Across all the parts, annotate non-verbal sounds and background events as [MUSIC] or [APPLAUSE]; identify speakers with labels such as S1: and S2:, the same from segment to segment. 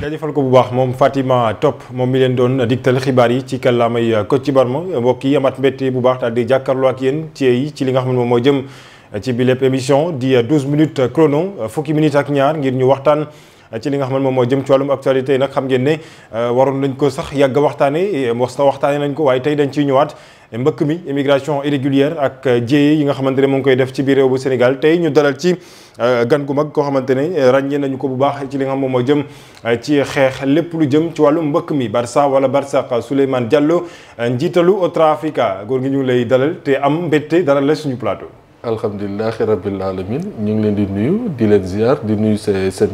S1: jaajëfal ko bu baax moom Fatima Top moom mi leen doon digtal xibaar yi ci kàllaamay Kocc Barma mbokk yi amaat mbette bu baax daal di jàkkaarloo ak yéen ci yi ci li nga xam ne moom moo jëm ci bi lépp émission di 12 minutes chrono fukki minutes ak ñaar ngir ñu waxtaan ci li nga xam ne moom moo jëm ci wàllum actualité nag xam ngeen ne waroon nañ ko sax yàgg waxtaane waxtaane nañ ko waaye tey dañ ciy ñëwaat E, mbëkk mi immigration irrégulière ak e, jéey yi nga xamante ne mu ngi koy def ci biir réew bu Sénégal tey ñu dalal ci e, gan gu mag koo xamante ne ràññee nañu ko bu baax ci li nga xam moom moo jëm ci xeex lépp lu jëm ci wàllu mbëkk mi Barça wala Barsaq Souleymane Diallo njiitalu Otra Africa góor gi ñu lay dalal te am mbégte dalal la suñu plateau. alhamdulilahi
S2: rabbil alamin ñu ngi leen di nuyu di leen ziar di nuyu seen seen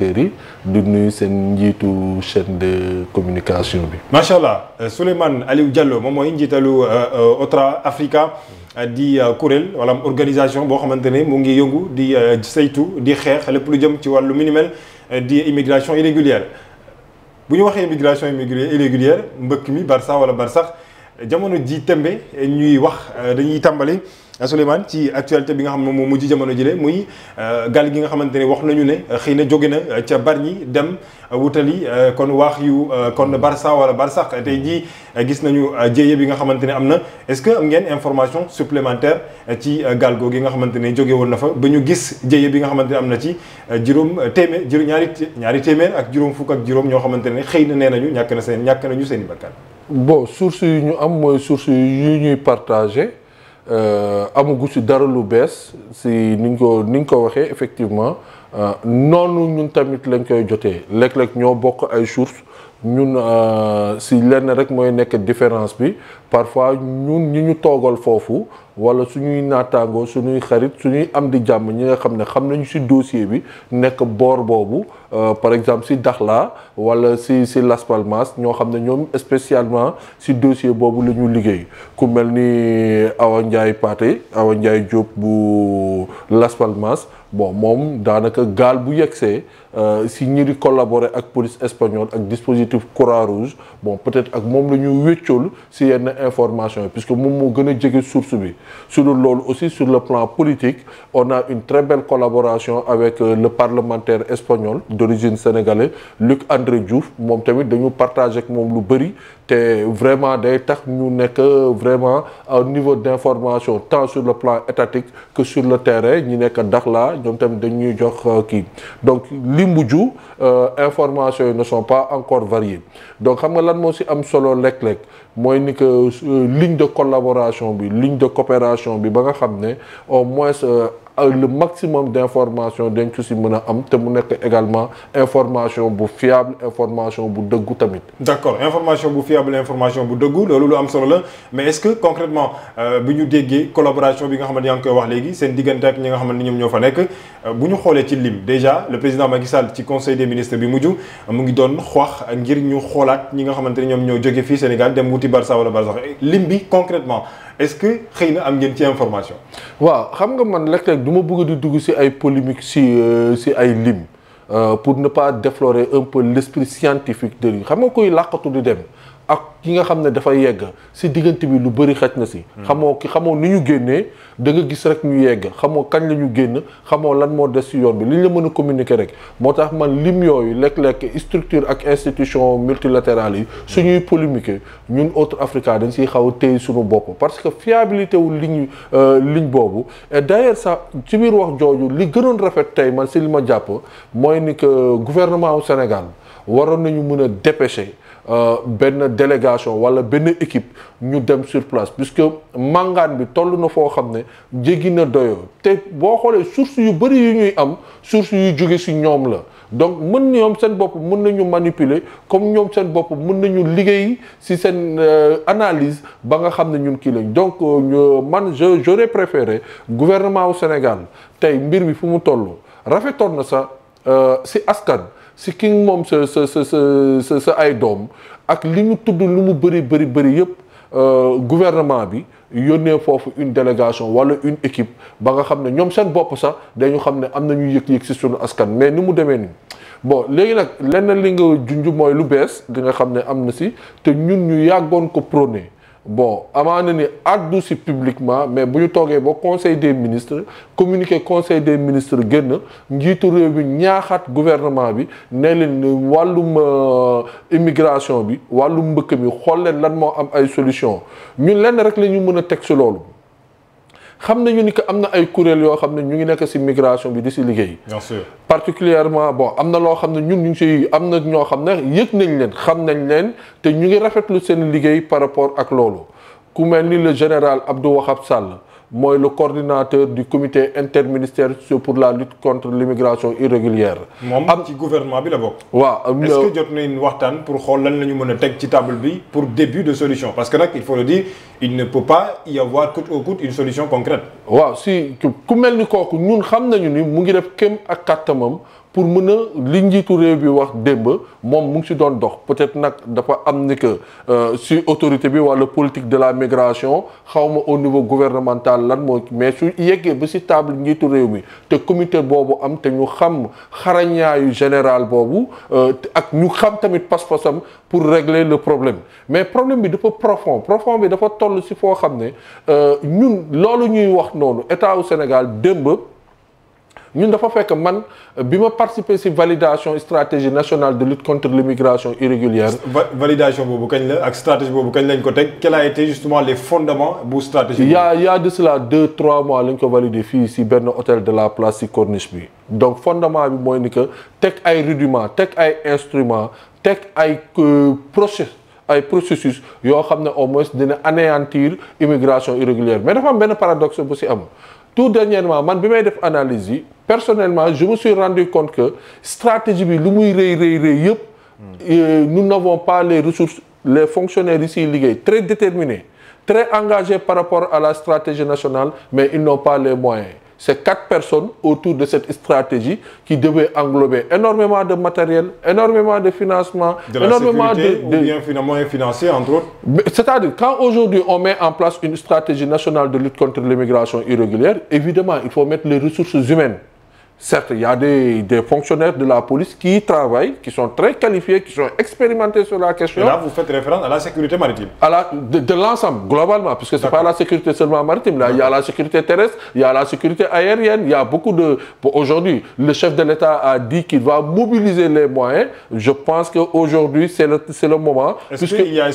S2: yi di nuyu seen njiitu chaîne de communication bi.
S1: macha allah euh, Souleymane Aliou Diallo moom mooy njiitalu euh, euh, Otra Africa di kuréel wala organisation boo xamante ne mu ngi yëngu di saytu di xeex lépp lu jëm ci wàllu minimel di immigration irrégulière bu ñu waxee immigration irrégulière mbëkk mi Barça wala Barsax jamono ji tembe ñuy wax dañuy tàmbali. Souleymane ci actualité bi nga xam ne moom mujj jamono jile muy euh, gaal gi nga xamante ne wax nañu ne euh, xëy na jóge na euh, ca ñi dem wutali kon waax yu kon bar Barça bar Barsax tey jii gis nañu jéye bi nga xamante ne am na est-ce que am ngeen information supplémentaire ci gaal gi nga xamante ne jóge woon na fa ba ñu gis jéye bi nga xamante ne am na ci juróom téeméer juróom ñaari ñaari téeméer ak juróom fukk ak juróom ñoo xamante ne xëy na nee nañu ñàkk na seen ñàkk nañu seen bakkan
S2: bon source yu ñu am mooy source ñuy partagé Euh, amagu si dara lu bees si ni ñu ko ni ñu ko waxee effectivement euh, noonu ñun tamit lañ koy jotee léeg-léeg ñoo bokk ay sources ñun euh, si lenn rek mooy nekk différence bi parfois ñun ñi ñu toogal foofu wala suñuy naataangoo suñuy xarit suñuy am di jàmm ñi nga xam ne xam nañu si dossier bi nekk boor boobu euh, par exemple si Dakhla wala si si Las Palmas ñoo xam ne ñoom spécialement si dossier boobu la ñu liggéey ku mel ni Awa Ndiaye Paté Awa Ndiaye Diop bu Las Palmas bon moom daanaka gaal bu yegsee euh, si ñi di collaborer ak police espagnole ak dispositif dispositif croix bon peut ak moom la ñu wéccool yenn information yi puisque moom moo gën a jege source bi sur loolu aussi sur le plan politique on a une très belle collaboration avec euh, le parlementaire espagnol d'origine sénégalaise Luc André Diouf moom tamit dañu partager ak moom lu bëri te vraiment day tax ñu nekk vraiment au niveau d' information tant sur le plan étatique que sur le terrain ñi nekk Dakhla ñoom tamit dañuy jox euh, kii donc li mujj euh, information yi ne sont pas encore variées donc xam nga lan moo si am solo lekk-lekk mooy ni que euh, ligne de collaboration bi ligne de coopération bi ba nga xam ne au moins. le maximum d'information dañ ko si mën a am te mu nekk également information bu fiable information bu dëggu
S1: tamit. d'accord information bu fiable information bu dëggu loolu lu am solo la mais est-ce que concrètement euh, bu ñu déggee collaboration bi nga xamante yaa ngi koy wax léegi seen diggante ak ñi nga xamante ni ñoom ñoo fa nekk euh, bu ñu xoolee ci lim déjà le président Macky Sall ci conseil des ministres bi mujj mu ngi doon xoox ngir ñu xoolaat ñi nga xamante ni ñoom ñoo jóge fii Sénégal dem wuti Barça wala Barsax lim bi concrètement est-ce que xëy na am ngeen ci information.
S2: waaw xam nga man léeg-léeg du ma di dugg si ay polémique si si euh, ay lim euh, pour ne pas déflorer un peu l'esprit scientifique de xam nga koy làqatu du dem. ak ki nga xam ne dafa yegg si diggante bi lu bëri xaj na si. xamoo ki xamoo ni ñu génnee da nga gis rek ñu yegg xamoo kañ la ñu génn xamoo lan moo des si yoon bi li la mën a communiquer rek moo tax man lim yooyu lekk-lekk structure ak institution multilatérale yi suñuy polémiquer ñun autre africa dañ siy xaw a téye suñu bopp parce que fiabilité wu ligne euh, ligne boobu et d'ailleurs sax ci biir wax jooju li gënoon rafet tey man si li ma jàpp mooy ni que gouvernement wu Sénégal waroon nañu mën a dépêcher. Euh, benn délégation wala benn équipe ñu dem sur place puisque màngaan bi toll na foo xam ne jéggi na doyoo te boo xoolee source yu bëri yu ñuy am source yu jóge ci ñoom la donc mën ñoom seen bopp mën nañu manipuler comme ñoom seen bopp mën nañu liggéey ci seen euh, analyse ba nga xam ne ñun kii lañ donc euh, man je j'aurais préféré gouvernement au Sénégal tey mbir bi fu mu toll rafetoon na sax ci askan si ki moom sa sa sa sa sa ay doom ak li ñu tudd lu mu bëri bëri bëri yëpp euh, gouvernement bi yónnee foofu une délégation wala une équipe ba nga xam ne ñoom seen bopp sax dañu xam ne am nañu yëg-yëg si suñu askan mais ni mu demee nii. bo léegi nag lenn li nga junj mooy lu bees di xam ne am na si te ñun ñu yàggoon ko prôné. bon na ni addu si publiquement mais bu ñu toogee ba conseil des ministres communiqué conseil des ministre génn njiitu réew bi ñaaxaat gouvernement bi ne leen wàllum euh, immigration bi wàllu mbëkk bi xool leen lan moo am ay solution ñun lenn rek la ñu mën a teg si loolu xam nañu ni que am na ay kuréel yoo xam ne ñu ngi nekk si migration bi di si liggéey. bien sûr particulièrement bon am na loo xam ne ñun ñu ngi si am na ñoo xam ne yëg nañ leen xam nañ leen te ñu ngi rafetlu seen liggéey par rapport ak loolu ku mel ni le général Abdou Wahab Sall. mooy le coordinateur du comité
S1: interministériel pour la lutte contre l'immigration irrégulière. moom am ci gouvernement bi la bokk. waaw est-ce que jot nañ waxtaan pour xool lan la ñu mën a teg ci table bi pour début de solution parce que nag il faut le dire il ne peut pas y avoir coûte que coûte une solution concrète. waaw si ku mel ni
S2: kooku ñun xam nañu ni mu ngi def kem ak kàttamam. pour mën a li njiitu réew bi wax démb moom mu ngi si doon dox peut-être nag dafa am ni que euh, si autorité bi walla politique de la migration xawma au niveau gouvernemental lan moo mais su yeggee ba si table njiitu réew mi te comité boobu am te ñu xam xarañaayu général boobu euh, ak ñu xam tamit pas-pasam pour régler le problème mais problème bi dafa profond profond bi dafa toll si foo xam ne euh, ñun loolu ñuy wax noonu état au Sénégal démb ñun dafa fekk man bi ma participer ci validation stratégie nationale de lutte contre l'immigration irrégulière. validation
S1: boobu kañ la ak stratégie boobu kañ lañ ko teg quel a été justement les fondements bu stratégie. yaa
S2: y a il y de cela deux trois mois lañ ko valider fii ci benn hôtel de la place ci corniche bi donc fondement bi mooy ni que teg ay rudiments teg ay instruments teg ay euh, process ay processus yoo xam ne au moins dina anéantir immigration irrégulière mais dafa am benn paradoxe bu ci am. tout dernièrement man bi may def analyse yi personnellement je me suis rendu compte que stratégie bi lu muy rëy rëy rëy yëpp hmm. euh, nous n'avons pas les ressources les fonctionnaires yi siy liggéey très déterminés très engagés par rapport à la stratégie nationale mais ils n'ont pas les moyens c'est quatre personnes autour de cette stratégie qui devait englober énormément de matériel, énormément de financement, de la énormément sécurité, de, de... Ou bien finalement financier, entre autres. C'est-à-dire, quand aujourd'hui on met en place une stratégie nationale de lutte contre l'immigration irrégulière, évidemment, il faut mettre les ressources humaines Certes, il y a des, fonctionnaires de la police qui travaillent, qui sont très qualifiés, qui sont expérimentés sur la question. Et là, vous faites référence à la sécurité maritime à la, De, l'ensemble, globalement, puisque ce n'est pas la sécurité seulement maritime. il y a la sécurité terrestre, il y a la sécurité aérienne, il y a beaucoup de... Aujourd'hui, le chef de l'État a dit qu'il va mobiliser les moyens. Je pense qu'aujourd'hui, c'est le, le moment. Est-ce puisque... qu'il y a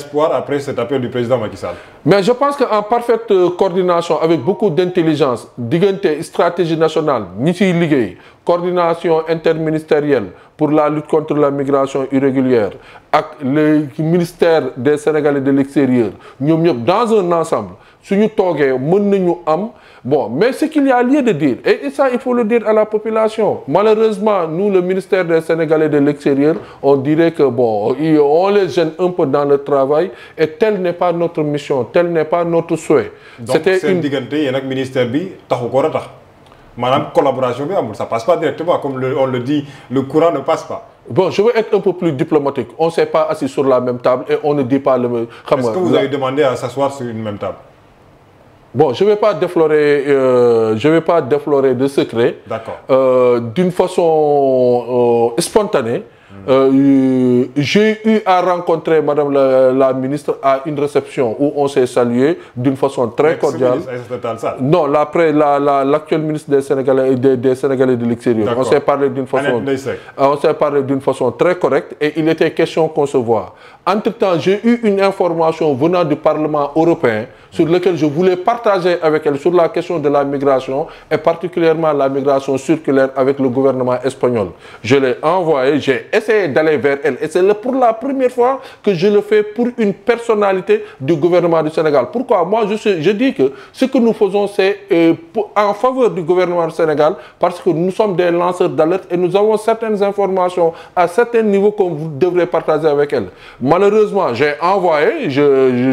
S2: Mais je pense qu'en parfaite euh, coordination, avec beaucoup d'intelligence, digante, stratégie nationale, Nisi Ligue, bi coordination interministérielle pour la lutte contre la migration irrégulière ak les ministère des Sénégalais de l'extérieur ñoom ñëpp dans un ensemble suñu toogee mën nañu am bon mais ce qu'il y a lieu de dire et ça il faut le dire à la population malheureusement nous le ministère des Sénégalais de l'extérieur on dirait que bon on les gêne un peu dans le travail et telle n'est pas notre mission
S1: telle n'est pas notre souhait c'était une diggante yéen ak ministère bi taxu ko tax maanaam collaboration bi amul ça passe pas directement comme le, on le dit le courant ne passe pas. bon je veux être un
S2: peu plus diplomatique on s'est pas assis sur la même table et on ne dit pas le même. xam nga est-ce que vous avez demandé à s'asseoir sur une même table. bon je vais pas déflorer euh, je vais pas déflorer de secret. d'accord euh, d'une façon euh, spontanée. Euh, j'ai eu à rencontrer Madame la, la, ministre à une réception où on s'est salué d'une façon très cordiale. Non, l'actuel la, la, ministre des Sénégalais, des, des Sénégalais de l'extérieur. On s'est parlé d'une façon, euh, on s'est parlé d'une façon très correcte et il était question qu'on se voit. Entre-temps, j'ai eu une information venant du Parlement européen sur laquelle je voulais partager avec elle sur la question de la migration et particulièrement la migration circulaire avec le gouvernement espagnol. Je essayer d'aller vers elle. Et c'est pour la première fois que je le fais pour une personnalité du gouvernement du Sénégal. Pourquoi Moi, je, suis, je dis que ce que nous faisons, c'est euh, en faveur du gouvernement du Sénégal parce que nous sommes des lanceurs d'alerte et nous avons certaines informations à certains niveaux qu'on devrait partager avec elle. Malheureusement, j'ai envoyé, je,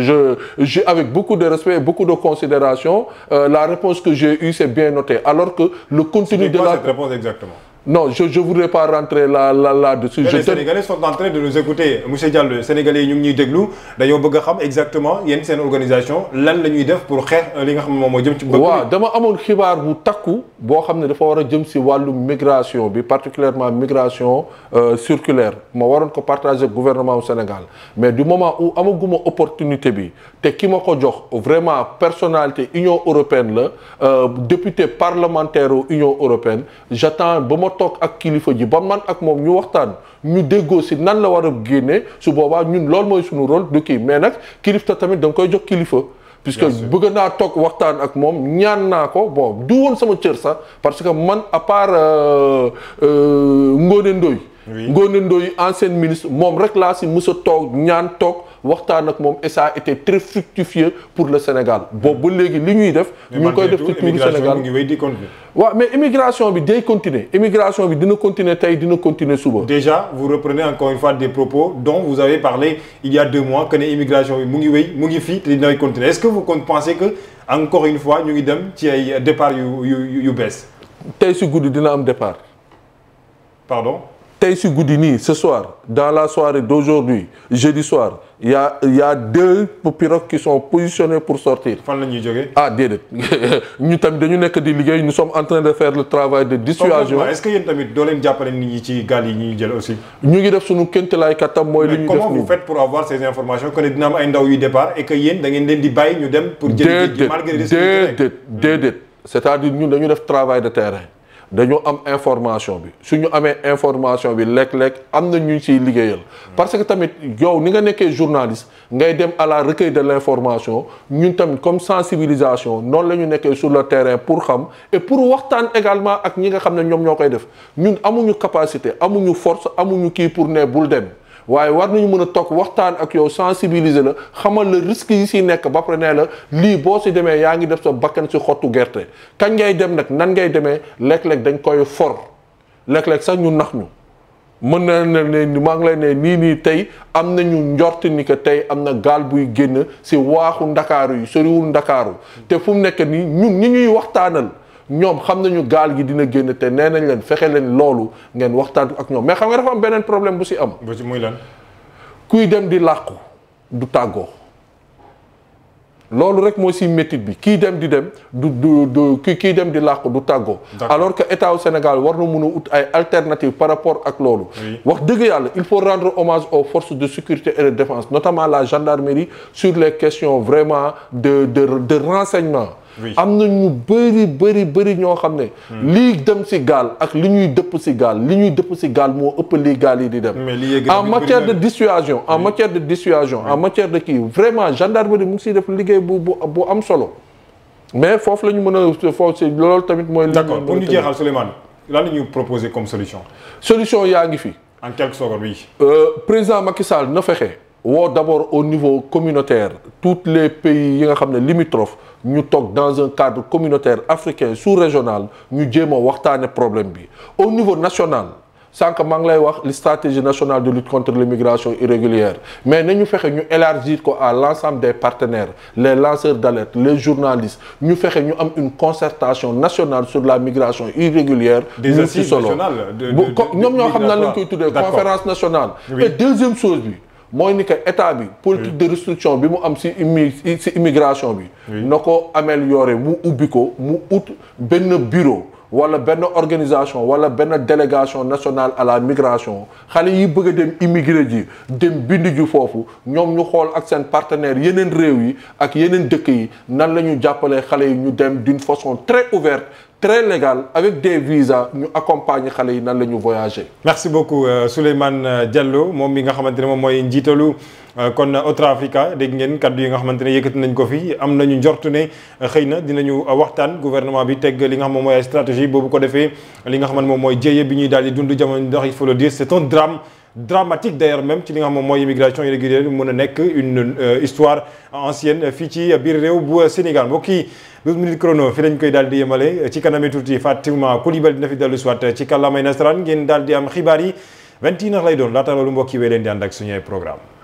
S2: je, je, avec beaucoup de respect et beaucoup de considération, euh, la réponse que j'ai eue, c'est bien noté. Alors que
S1: le contenu de quoi la... cette réponse exactement non je je voudrais pas rentrer là la là dessus. je les Sénégalais sont en de nous écouter monsieur Diallo Sénégalais ñu ngi déglu dañoo bëgg a xam exactement yéen seen organisation lan la ñuy def pour xeex li nga xam ne moom moo jëm ci. bëgg waaw
S2: dama amoon xibaar bu takku boo xam ne dafa war a jëm si wàllu migration bi particulièrement migration euh, circulaire ma waroon ko partager gouvernement wu Sénégal mais du moment où amaguma opportunité bi te ki ma ko jox vraiment personnalité Union européenne la euh, député parlementaire Union européenne dama toog ak kilifa ji ba man ak moom ñu waxtaan ñu déggoo si nan la war a génnee su boobaa ñun loolu mooy suñu rôle du kii mais nag kilifta tamit danga koy jox kilifa puisque bëgg naa toog waxtaan ak moom ñaan naa ko boo du woon sama cër sax parce que man à part euh, euh, Ngoné Ndoye Ngoné Ndoye ministre moom rek laa si mës a ñaan toog waxtaan ak moom et a été très fructifieux pour le Sénégal boobu ba léegi li ñuy def. ñu ngi koy def ci turu Sénégal waaw mais
S1: immigration bi day continuer immigration bi dina continuer tey dina continuer suba. déjà vous reprenez encore une fois des propos dont vous avez parlé il y a deux mois que ne immigration bi mu ngi wéy mu ngi fii te dina continuer est-ce que vous pensez que encore une fois ñu ngi dem ci ay départ yu yu yu bees. tey si guddi dina am dépar pardon. tey si guddi nii ce soir
S2: dans la soirée d'aujourd'hui jeudi soir y a deux pirogues qui sont positionnées pour sortir. fan la ñuy jógee. ah déedéet [LAUGHS] ñu tamit dañu nekk di liggéey nous sommes en train de faire le travail de dissuasion. est
S1: jël aussi. ñu ngi def suñu kéemtalaay kattan mooy. li ñu def comment ay ndaw yu départ et que yéen da ngeen di bàyyi ñu dem. pour
S2: jël géej déedéet déedéet hmm. c'est-à-dire ñun dañu def travail de terrain. dañoo am information bi su ñu amee information bi lekk léeg am na ñu ciy liggéeyal. parce que tamit yow ni nga nekkee journaliste ngay dem à la recueil de l' information ñun tamit comme sensibilisation noonu la ñu nekkee sur le terrain pour xam et pour waxtaan également ak ñi nga xam ne ñoom ñoo koy def ñun amuñu capacité amuñu force amuñu kii pour ne bul dem. waaye war nañu mën a toog waxtaan ak yow sensibiliser la xamal la risque yi siy nekk ba pare nee la lii boo si demee yaa ngi def sa bakkan si xottu gerte kañ ngay dem nag nan ngay demee léeg-léeg dañ koy for léeg-léeg sax ñu nax ñu mën na ne ne maa lay ne nii nii tey am nañu njort ni que tey am na gaal buy génn si waaxu ndakaaru yi soriwul ndakaaru te fu mu nekk nii ñun ñi ñuy waxtaanal ñoom xam nañu gaal gi dina génn te nee nañ leen fexe leen loolu ngeen waxtaan ak ñoom mais xam nga dafa am beneen problème bu si am. bu si muy lan. kuy dem di làqu du tàggoo. loolu rek moo si métit bi kii dem di dem du du du kii kii dem di làqu du tàggoo alors que état au Sénégal war na mun ut ay alternatives par rapport ak loolu wax dëgg yàlla il faut rendre hommage aux forces de sécurité et de défense notamment la gendarmerie sur les questions vraiment de de de renseignement am na ñu bëri bëri bëri ñoo xam ne. Hmm. lii dem si gaal ak li ñuy dëpp si gaal li ñuy dëpp si gaal moo ëpp lii gaal yi di dem. en matière de dissuasion en matière de dissuasion en matière de kii vraiment gendarmerie mu ngi def liggéey bu bu bu am solo. mais foofu la ñu mën a foofu si loolu tamit mooy. d'accord pour ñu jeexal Souleymane lan la ñuy proposer comme solution. solution yaa ngi fi. en quelque sorte oui. Euh, président Macky Sall na fexe. woo d'abord au niveau communautaire tous les pays yi nga xam ne limitrophes ñu toog dans un cadre communautaire africain sous-régional ñu jéem a waxtaane problème bi au niveau national sànq maa ngi lay wax li stratégie nationale de lutte contre l'immigration irrégulière mais ñu fexe ñu élargir ko à l'ensemble des partenaires les lanceurs d'alerte les journalistes ñu fexe ñu am une concertation nationale sur la migration irrégulière ñu ci solo bu ñoom ñoo xam naa lañ koy tuddee conférence deuxième chose bi mooy ni que état bi politique de restriction bi mu am si immi si immigration bi na ko améliorer mu ubbi ko mu ut benn bureau wala benn organisation wala benn délégation nationale à la migration xale yi bëgg a dem immigré ji dem bind ju foofu ñoom ñu xool ak seen partenaires yeneen réew yi ak yeneen dëkk yi nan la ñu jàppalee xale yi ñu dem d'une façon très ouvert très légal avec des visas ñu accompagner xale yi nan la ñu voyager.
S1: merci beaucoup euh, Souleymane euh, Diallo moom mi nga xamante ne moom mooy njiitalu euh, kon Otra-Africa dégg ngeen kaddu yi nga xamante ne yëkkati nañ ko fi am nañu njortu ne xëy na dinañu waxtaan gouvernement bi teg li nga xam moom mooy stratégie boobu ko defee li nga xam ne moom mooy jéye bi ñuy daal di dund jamono ndax il di le dire c'est un drame. dramatique d'ailleurs même ci li nga xam moom mooy immigration irrégulière bi mën a nekk une euh, histoire ancienne euh, fii ci biir réew bu euh, Sénégal mbokk yi 12 minutes chrono fi lañ koy daal di ci kanami tuuti Fatima Coulibaly dina fi dellu soit ci kàllaamay nasaraan ngeen daal di am xibaar yi 21h lay doon laata loolu mbokk yi wéy leen di ànd ak suñu programme